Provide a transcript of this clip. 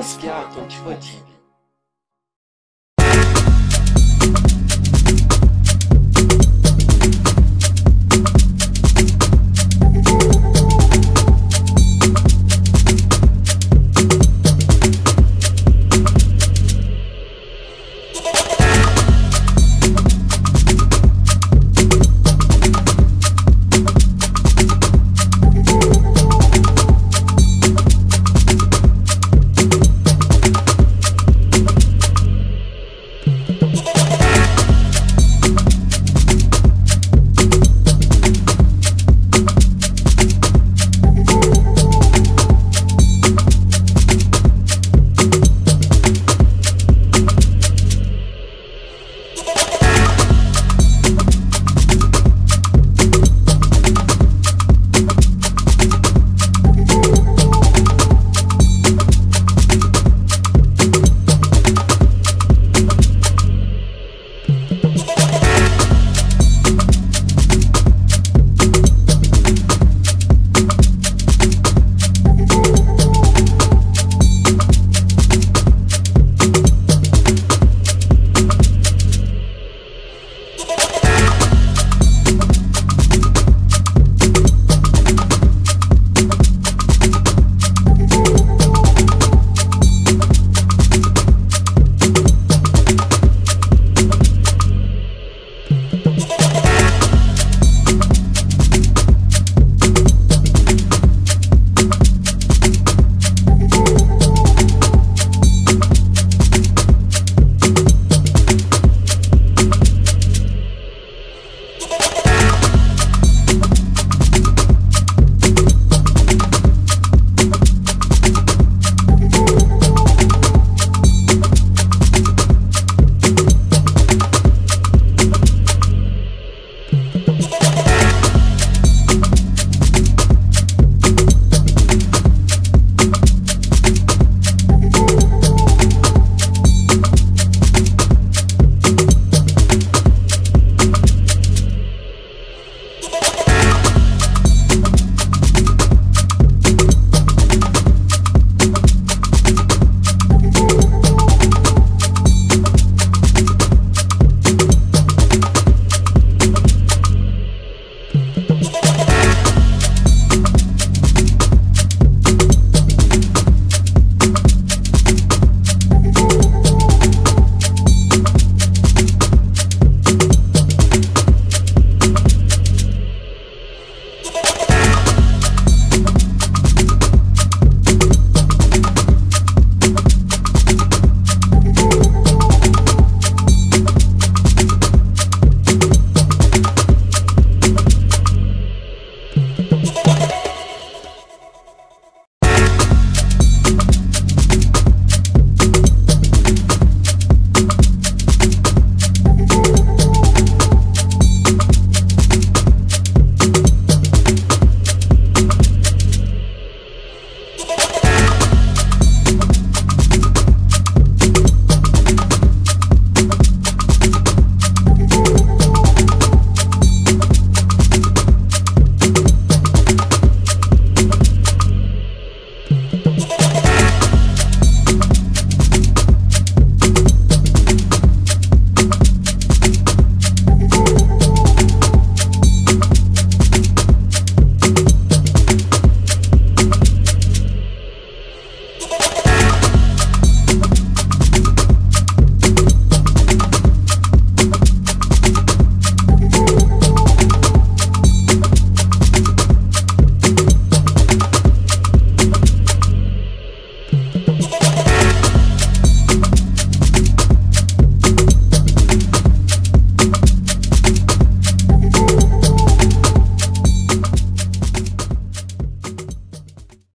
gaskiya ɗauki dire.